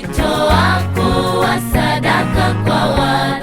ukitoa sadaka kwa watu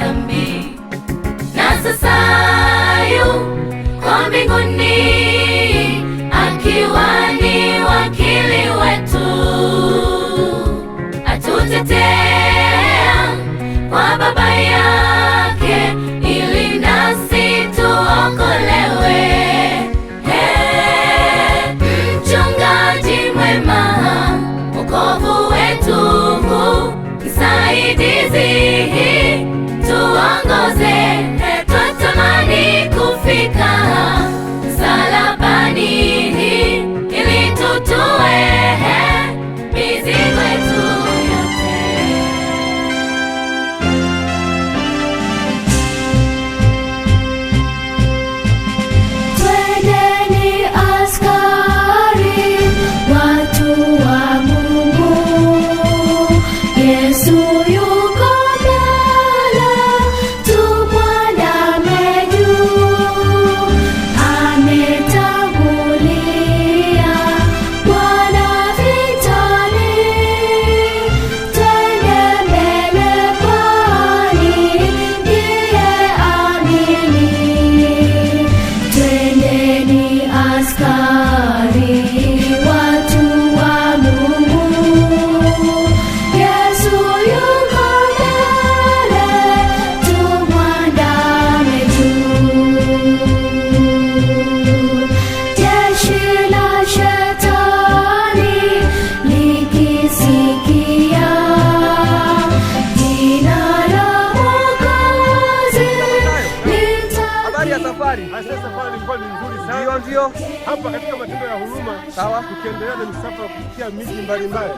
hiyo ndio hapa katika matendo ya huruma. Sawa, tukiendelea na misafara kupitia miji mbalimbali,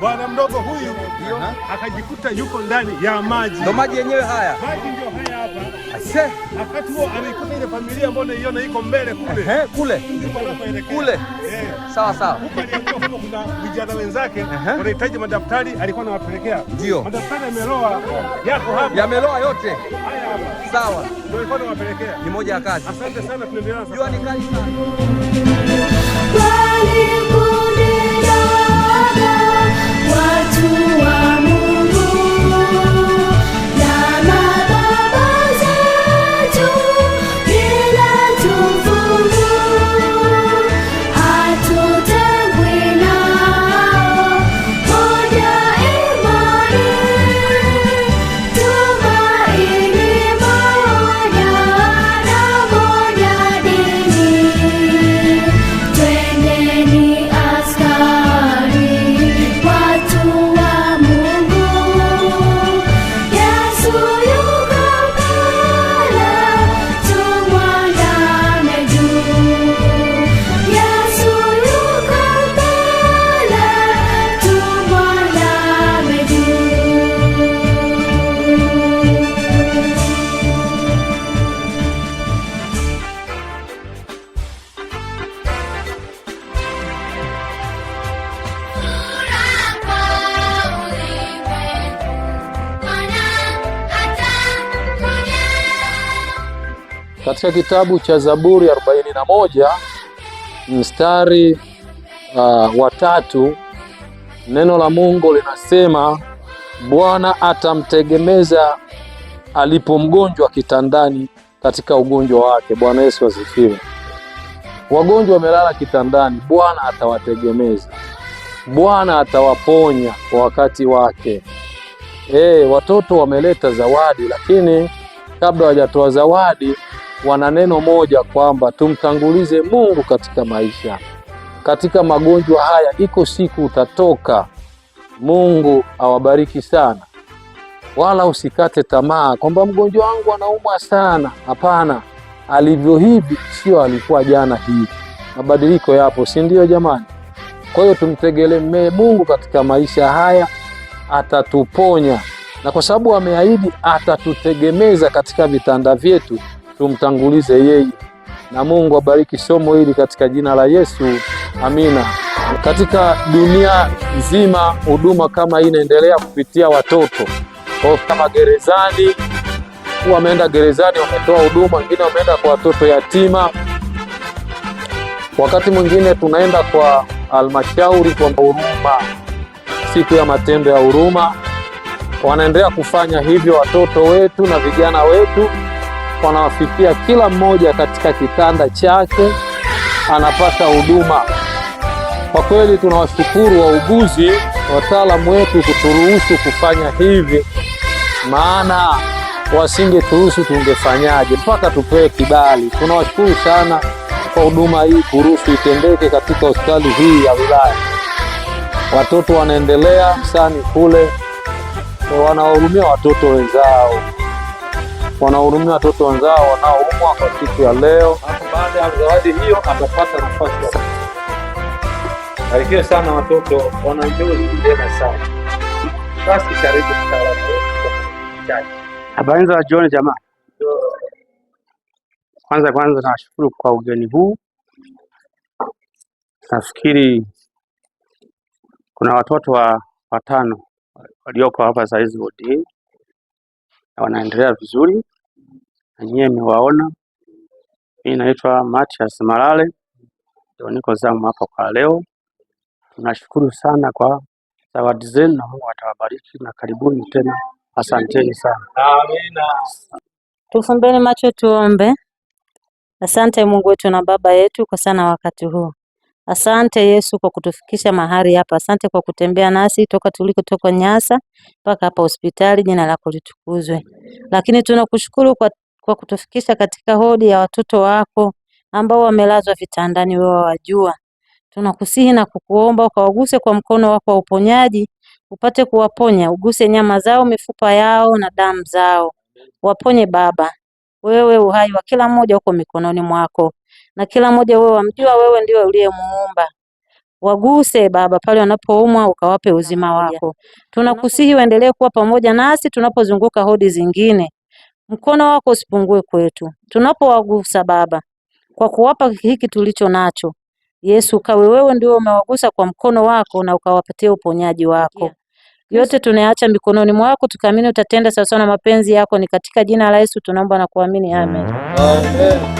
bwana mdogo huyu akajikuta yuko ndani ya maji. Ndio maji yenyewe haya, maji ndio haya hapa. Ase, wakati huo alikuta ile familia ambayo unaiona iko mbele kule. Eh, kule. Kule. Sawa sawa. Huko aliambiwa kwamba kuna vijana wenzake wanahitaji madaftari, alikuwa anawapelekea. Ndio. Madaftari yameloa yako hapa. Yameloa yote. Haya hapa. Sawa. Ndio alikuwa anawapelekea. Ni moja ya kazi. Asante sana tunaendelea. Jua ni kali sana. katika kitabu cha Zaburi 41 mstari uh, wa tatu, neno la Mungu linasema Bwana atamtegemeza alipo mgonjwa kitandani katika ugonjwa wake. Bwana Yesu asifiwe. Wagonjwa wamelala kitandani, Bwana atawategemeza, Bwana atawaponya kwa wakati wake. E, watoto wameleta zawadi, lakini kabla hawajatoa zawadi wana neno moja kwamba tumtangulize Mungu katika maisha. Katika magonjwa haya iko siku utatoka. Mungu awabariki sana. Wala usikate tamaa kwamba mgonjwa wangu anaumwa sana. Hapana, alivyo hivi sio alikuwa jana hivi. Mabadiliko yapo, si ndio jamani? Kwa hiyo tumtegemee Mungu katika maisha haya, atatuponya na kwa sababu ameahidi atatutegemeza katika vitanda vyetu tumtangulize yeye, na Mungu abariki somo hili katika jina la Yesu, amina. Katika dunia nzima huduma kama hii inaendelea kupitia watoto kama gerezani, wameenda gerezani, wametoa huduma, wengine wameenda kwa watoto yatima, wakati mwingine tunaenda kwa halmashauri kwa huruma, siku ya matendo ya huruma, wanaendelea kufanya hivyo watoto wetu na vijana wetu wanawafikia kila mmoja katika kitanda chake, anapata huduma. Kwa kweli tunawashukuru wauguzi, wataalamu wetu kuturuhusu kufanya hivi, maana wasingeturuhusu tungefanyaje? Mpaka tupewe kibali. Tunawashukuru sana kwa huduma hii kuruhusu itendeke katika hospitali hii ya wilaya. Watoto wanaendelea msani kule, wanawahudumia watoto wenzao wanahurumia watoto wenzao wanaoumwa kwa siku ya leo. Baada ya zawadi hiyo atapata nafasi. ya Barikiwe sana watoto, wana njozi njema sana. Basi karibu mtaalamu. Habari za jioni jamaa. Kwanza kwanza nashukuru kwa ugeni huu. Nafikiri kuna watoto wa watano walioko hapa saa wodini wanaendelea vizuri na nyie mmewaona. Mimi naitwa Mathias Malale, ndio niko zangu hapa kwa leo. Tunashukuru sana kwa zawadi zenu na Mungu atawabariki na karibuni tena, asanteni sana. Amina. Tufumbeni macho tuombe. Asante Mungu wetu na Baba yetu kwa sana wakati huu Asante Yesu kwa kutufikisha mahali hapa. Asante kwa kutembea nasi toka tulikotoka Nyasa mpaka hapa hospitali. Jina lako litukuzwe. Lakini tunakushukuru kwa, kwa kutufikisha katika hodi ya watoto wako ambao wamelazwa vitandani, wewe wajua. Tunakusihi na kukuomba ukawaguse kwa mkono wako wa uponyaji, upate kuwaponya, uguse nyama zao, mifupa yao na damu zao, waponye Baba. Wewe uhai wa kila mmoja uko mikononi mwako na kila mmoja wewe wamjua, wewe ndiwe uliyemuumba. Waguse Baba pale wanapoumwa, ukawape uzima wako. Tunakusihi uendelee kuwa pamoja nasi tunapozunguka hodi zingine, mkono wako usipungue kwetu tunapowagusa Baba, kwa kuwapa hiki tulicho nacho. Yesu, ukawe wewe ndio umewagusa kwa mkono wako na ukawapatia uponyaji wako yeah. Yote tunayaacha mikononi mwako, tukaamini utatenda sawasawa na mapenzi yako, ni katika jina la Yesu tunaomba na kuamini, amen, amen.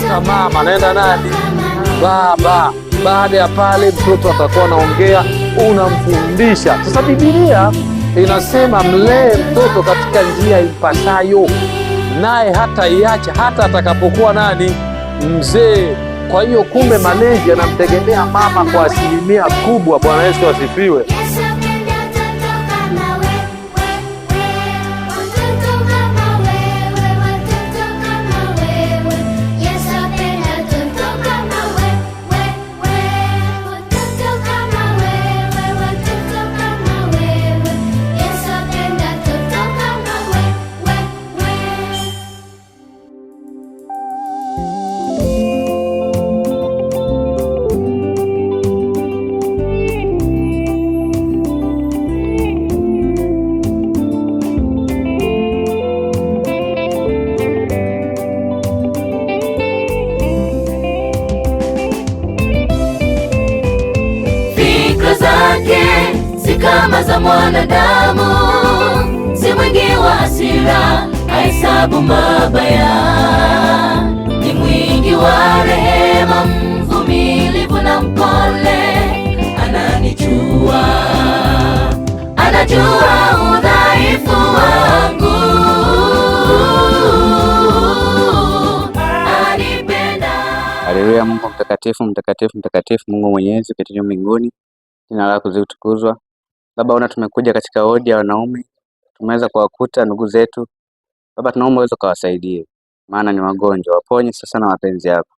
kutoka mama naenda nani? Baba. Baada ya pale mtoto atakuwa anaongea, unamfundisha. Sasa Biblia inasema mlee mtoto katika njia impasayo, naye hata iacha hata atakapokuwa nani? Mzee. Kwa hiyo kumbe, malezi yanamtegemea mama kwa asilimia kubwa. Bwana Yesu asifiwe. mwanadamu si mwingi wa hasira, ahesabu mabaya, ni mwingi wa rehema, mvumilivu na mpole, ananijua, anajua udhaifu wangu, Haleluya! Mungu mtakatifu, mtakatifu, mtakatifu, Mungu Mwenyezi, katika mbinguni, jina lako zitukuzwa, Baba ona tumekuja katika wodi ya wanaume, tumeweza kuwakuta ndugu zetu. Baba tunaomba uweze ukawasaidie, maana ni wagonjwa, waponye sasa na mapenzi yako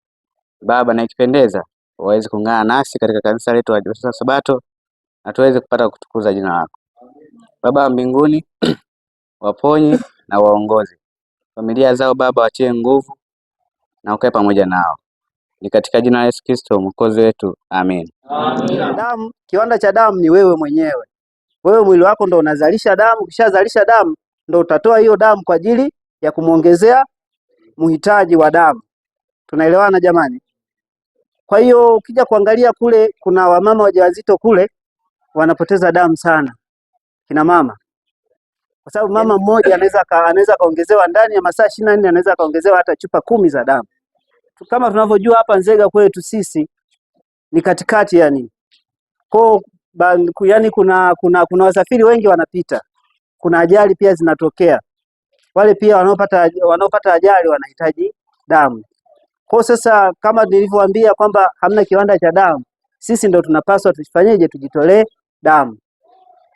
Baba, na ikipendeza waweze kuungana nasi katika kanisa letu la Sabato na tuweze kupata kutukuza jina lako Baba wa mbinguni. Waponye na waongoze familia zao Baba, watie nguvu na ukae pamoja nao, ni katika jina la Yesu Kristo mwokozi wetu, amen. Damu, kiwanda cha damu ni wewe mwenyewe. Wewe mwili wako ndo unazalisha damu, ukishazalisha damu ndo utatoa hiyo damu kwa ajili ya kumwongezea mhitaji wa damu. Tunaelewana jamani? Kwa hiyo ukija kuangalia kule, kuna wamama wajawazito kule wanapoteza damu sana, kina mama, kwa sababu mama mmoja anaweza anaweza kaongezewa ndani ya masaa ishirini na nne anaweza kaongezewa hata chupa kumi za damu. Kama tunavyojua hapa Nzega kwetu sisi ni katikati, yani kwa yani kuna, kuna, kuna wasafiri wengi wanapita, kuna ajali pia zinatokea. Wale pia wanaopata wanaopata ajali wanahitaji damu. Kwa sasa kama nilivyowaambia kwamba hamna kiwanda cha damu, sisi ndo tunapaswa tufanyeje? Tujitolee damu.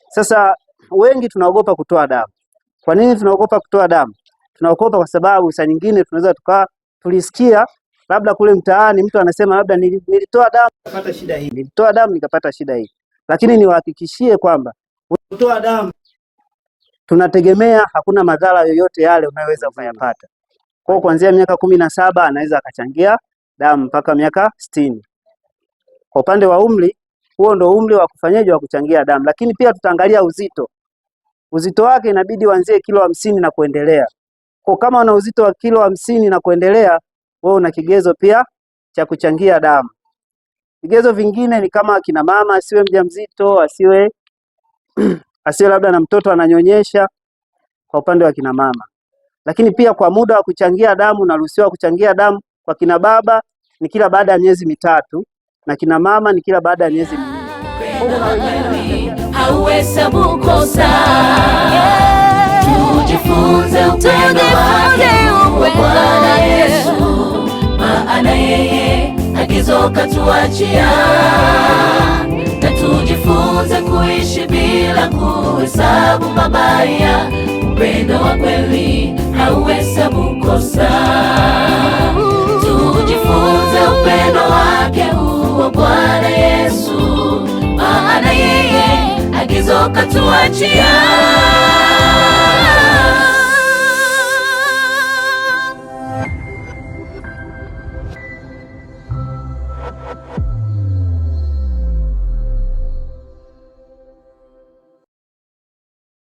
Sasa wengi tunaogopa kutoa damu. Kwa nini tunaogopa kutoa damu? Tunaogopa kwa sababu saa nyingine tunaweza tukaa tulisikia labda kule mtaani mtu anasema labda nilitoa damu nikapata shida hii, nilitoa damu nikapata shida hii lakini niwahakikishie kwamba kutoa damu tunategemea hakuna madhara yoyote yale unayoweza ukayapata. Kwa hiyo kuanzia miaka kumi na saba anaweza akachangia damu mpaka miaka sitini. Kwa upande wa umri huo ndo umri wa kufanyaje wa kuchangia damu, lakini pia tutaangalia uzito. Uzito wake inabidi uanzie kilo hamsini na kuendelea. Kwa kama una uzito wa kilo hamsini na kuendelea, wewe una kigezo pia cha kuchangia damu. Vigezo vingine ni kama kina mama asiwe mjamzito, asiwe asiwe labda na mtoto ananyonyesha, kwa upande wa kina mama. Lakini pia kwa muda wa kuchangia damu, naruhusiwa kuchangia damu kwa kina baba ni kila baada ya miezi mitatu na kina mama ni kila baada ya miezi minne. Hauhesabu kosa, tujifunze upendo wake Bwana Yesu, maana yeye matatizo katuachia, na tujifunze kuishi bila kuhesabu mabaya. Upendo wa kweli hauhesabu kosa, tujifunze upendo wake huo Bwana Yesu, maana yeye agizo katuachia